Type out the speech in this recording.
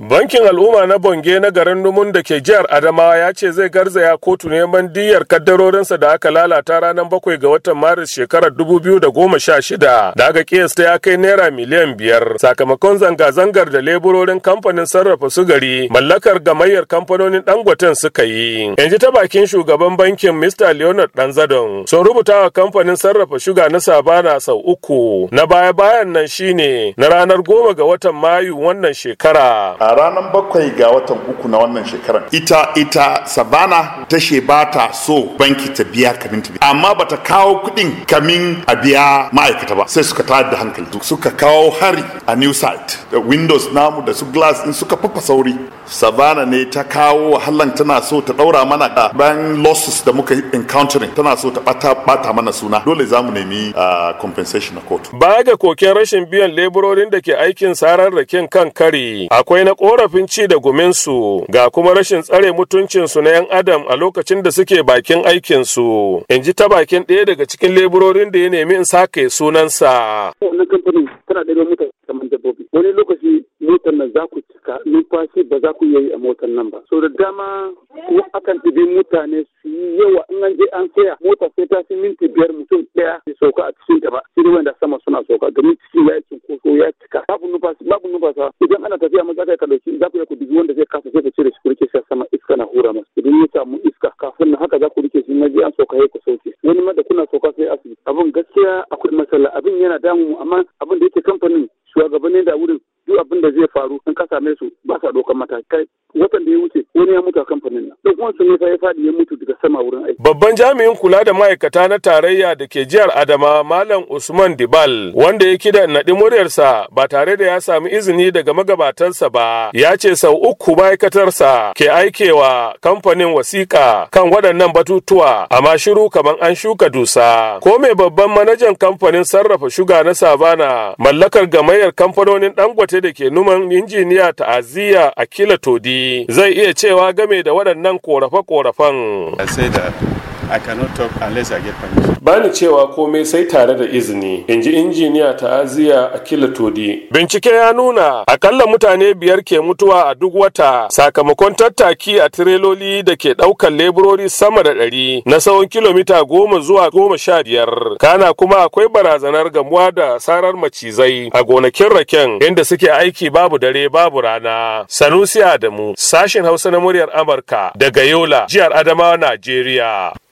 Bankin Al'umma na Bonge na garin Numun da ke jihar Adamawa ya ce zai garzaya kotu neman diyyar kaddarorinsa da aka lalata ranar bakwai ga watan Maris shekarar biyu da goma sha shida, aka kiyasta ya kai naira miliyan biyar sakamakon zanga-zangar da leburorin kamfanin sarrafa sugari mallakar gamayyar kamfanonin Dangoten suka yi. Yanzu ta bakin shugaban bankin Mr. Leonard Danzadon sun rubuta wa kamfanin sarrafa shuga na Sabana sau uku na baya-bayan nan shine na ranar goma ga watan Mayu wannan shekara. a ranar bakwai ga watan uku na wannan shekaran ita ita sabana ta she ba ta so banki ta biya kamin ta biya amma bata kawo kuɗin kamin a biya ma'aikata ba sai suka tayar da hankali suka kawo hari a new site da windows namu da su glass in suka fafa sauri savannah ne ta kawo wahalan tana so ta ɗaura mana da bayan losses da muka encountering tana so ta bata bata mana suna dole za mu nemi compensation na court baya ga koken rashin biyan leburorin da ke aikin sarar raken kan kari akwai na korafin ci da guminsu ga kuma rashin tsare mutuncinsu na 'yan adam a lokacin da suke bakin aikinsu in ji ta bakin ɗaya daga cikin leburorin da ya nemi in sake sunansa. Wannan kamfanin tana ɗaya mutane kamar dabbobi. Wani lokaci motar nan za ku cika numfashi ba za ku iya yi a motar nan ba so da dama kuma akan ɗibi mutane su yi yawa in an je an saya mota sai ta fi minti biyar mutum ɗaya su sauka a cikin ta ba sai dai wanda sama suna sauka domin ciki ya yi cinkoso ya cika babu numfashi babu numfasa idan ana tafiya maza kai ka dauki za ku yi ku dubi wanda zai kasa sai ka cire shi ku rike shi sama iska na hura masa idan ya samu iska kafin nan haka za ku rike shi na je an sauka ya ku sauke wani ma da kuna sauka sai asibiti abin gaskiya akwai matsala abin yana damu amma abin da yake kamfanin shugabannin da wurin da zai faru in ka same su ba sa ɗaukar matakai yake wani ya mutu a kamfanin nan duk wani ya faɗi ya mutu daga sama wurin aiki babban jami'in kula da ma'aikata na tarayya da ke jihar Adama Malam Usman Dibal wanda ya kida naɗi muryarsa ba tare da ya sami izini daga magabatansa ba ya ce sau uku ma'aikatarsa ke aikewa kamfanin wasiƙa kan waɗannan batutuwa amma shiru kamar an shuka dusa ko me babban manajan kamfanin sarrafa shuga na Savana mallakar gamayyar kamfanonin Dangote da ke numan injiniya ta'aziyya a kila Todi zai iya cewa game da waɗannan korafe-korafen. I cannot talk unless I get permission. Bani cewa komai sai tare da izini, Inji ji injiniya ta'aziya Akila Todi. Bincike ya nuna akalla mutane biyar ke mutuwa a duk wata sakamakon tattaki a tireloli da ke ɗaukar leburori sama da ɗari na tsawon kilomita goma zuwa goma sha biyar. Kana kuma akwai barazanar gamuwa da sarar macizai a gonakin raken inda suke aiki babu dare babu rana. Sanusi Adamu, sashin Hausa na muryar Amurka daga Yola, jihar Adamawa, Najeriya.